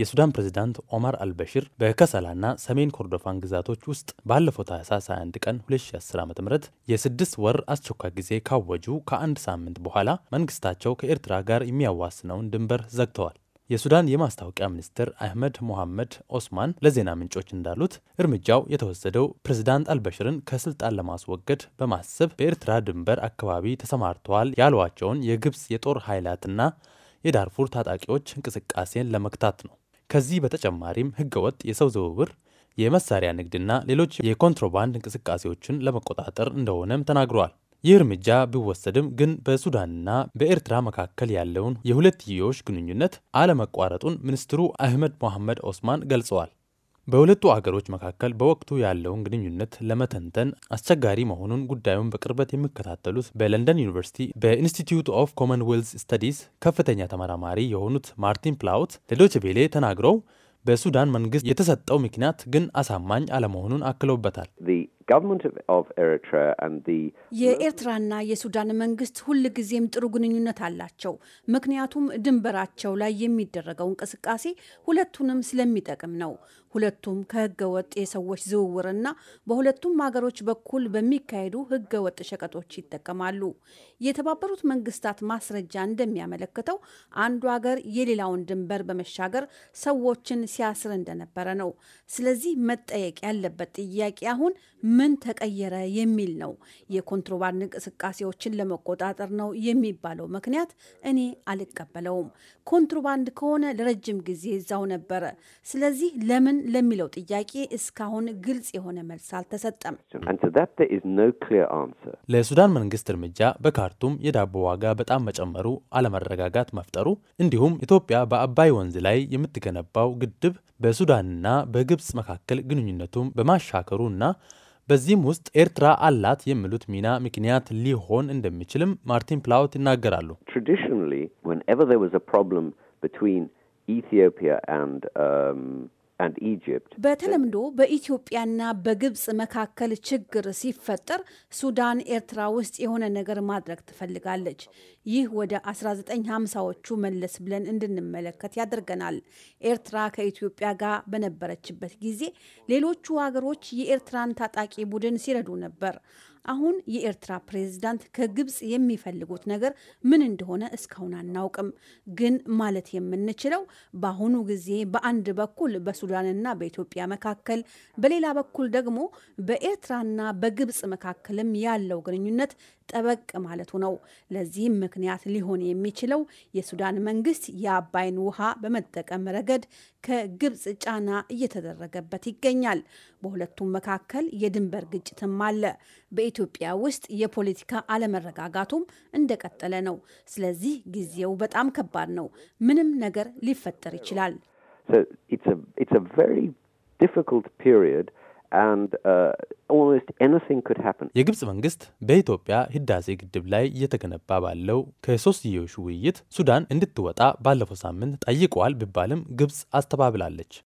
የሱዳን ፕሬዚዳንት ኦማር አልበሽር በከሰላና ሰሜን ኮርዶፋን ግዛቶች ውስጥ ባለፈው ታህሳስ 21 ቀን 2010 ዓ ም የስድስት ወር አስቸኳይ ጊዜ ካወጁ ከአንድ ሳምንት በኋላ መንግስታቸው ከኤርትራ ጋር የሚያዋስነውን ድንበር ዘግተዋል። የሱዳን የማስታወቂያ ሚኒስትር አህመድ ሞሐመድ ኦስማን ለዜና ምንጮች እንዳሉት እርምጃው የተወሰደው ፕሬዚዳንት አልበሽርን ከስልጣን ለማስወገድ በማሰብ በኤርትራ ድንበር አካባቢ ተሰማርተዋል ያሏቸውን የግብፅ የጦር ኃይላትና የዳርፉር ታጣቂዎች እንቅስቃሴን ለመግታት ነው። ከዚህ በተጨማሪም ህገወጥ የሰው ዝውውር፣ የመሳሪያ ንግድና ሌሎች የኮንትሮባንድ እንቅስቃሴዎችን ለመቆጣጠር እንደሆነም ተናግረዋል። ይህ እርምጃ ቢወሰድም ግን በሱዳንና በኤርትራ መካከል ያለውን የሁለትዮሽ ግንኙነት አለመቋረጡን ሚኒስትሩ አህመድ ሞሐመድ ኦስማን ገልጸዋል። በሁለቱ አገሮች መካከል በወቅቱ ያለውን ግንኙነት ለመተንተን አስቸጋሪ መሆኑን ጉዳዩን በቅርበት የሚከታተሉት በለንደን ዩኒቨርሲቲ በኢንስቲትዩት ኦፍ ኮመንዌልዝ ስተዲስ ከፍተኛ ተመራማሪ የሆኑት ማርቲን ፕላውት ቬሌ ተናግረው በሱዳን መንግስት የተሰጠው ምክንያት ግን አሳማኝ አለመሆኑን አክለውበታል። የኤርትራና የሱዳን መንግስት ሁልጊዜም ጥሩ ግንኙነት አላቸው። ምክንያቱም ድንበራቸው ላይ የሚደረገው እንቅስቃሴ ሁለቱንም ስለሚጠቅም ነው። ሁለቱም ከህገ ወጥ የሰዎች ዝውውርና በሁለቱም ሀገሮች በኩል በሚካሄዱ ህገ ወጥ ሸቀጦች ይጠቀማሉ። የተባበሩት መንግስታት ማስረጃ እንደሚያመለክተው አንዱ ሀገር የሌላውን ድንበር በመሻገር ሰዎችን ሲያስር እንደነበረ ነው። ስለዚህ መጠየቅ ያለበት ጥያቄ አሁን ምን ተቀየረ የሚል ነው። የኮንትሮባንድ እንቅስቃሴዎችን ለመቆጣጠር ነው የሚባለው ምክንያት እኔ አልቀበለውም። ኮንትሮባንድ ከሆነ ለረጅም ጊዜ እዛው ነበረ። ስለዚህ ለምን ለሚለው ጥያቄ እስካሁን ግልጽ የሆነ መልስ አልተሰጠም። ለሱዳን መንግስት እርምጃ በካርቱም የዳቦ ዋጋ በጣም መጨመሩ አለመረጋጋት መፍጠሩ፣ እንዲሁም ኢትዮጵያ በአባይ ወንዝ ላይ የምትገነባው ግድብ በሱዳንና በግብጽ መካከል ግንኙነቱን በማሻከሩ እና በዚህም ውስጥ ኤርትራ አላት የሚሉት ሚና ምክንያት ሊሆን እንደሚችልም ማርቲን ፕላውት ይናገራሉ። ኢትዮጵያ በተለምዶ በኢትዮጵያና በግብጽ መካከል ችግር ሲፈጠር ሱዳን ኤርትራ ውስጥ የሆነ ነገር ማድረግ ትፈልጋለች። ይህ ወደ 1950ዎቹ መለስ ብለን እንድንመለከት ያደርገናል። ኤርትራ ከኢትዮጵያ ጋር በነበረችበት ጊዜ ሌሎቹ ሀገሮች የኤርትራን ታጣቂ ቡድን ሲረዱ ነበር። አሁን የኤርትራ ፕሬዝዳንት ከግብጽ የሚፈልጉት ነገር ምን እንደሆነ እስካሁን አናውቅም። ግን ማለት የምንችለው በአሁኑ ጊዜ በአንድ በኩል በሱዳንና በኢትዮጵያ መካከል፣ በሌላ በኩል ደግሞ በኤርትራና በግብጽ መካከልም ያለው ግንኙነት ጠበቅ ማለቱ ነው። ለዚህም ምክንያት ሊሆን የሚችለው የሱዳን መንግስት የአባይን ውሃ በመጠቀም ረገድ ከግብፅ ጫና እየተደረገበት ይገኛል። በሁለቱም መካከል የድንበር ግጭትም አለ። በኢትዮጵያ ውስጥ የፖለቲካ አለመረጋጋቱም እንደቀጠለ ነው። ስለዚህ ጊዜው በጣም ከባድ ነው። ምንም ነገር ሊፈጠር ይችላል። uh, የግብፅ መንግስት በኢትዮጵያ ህዳሴ ግድብ ላይ እየተገነባ ባለው ከሶስትዮሽ ውይይት ሱዳን እንድትወጣ ባለፈው ሳምንት ጠይቀዋል ቢባልም ግብጽ አስተባብላለች።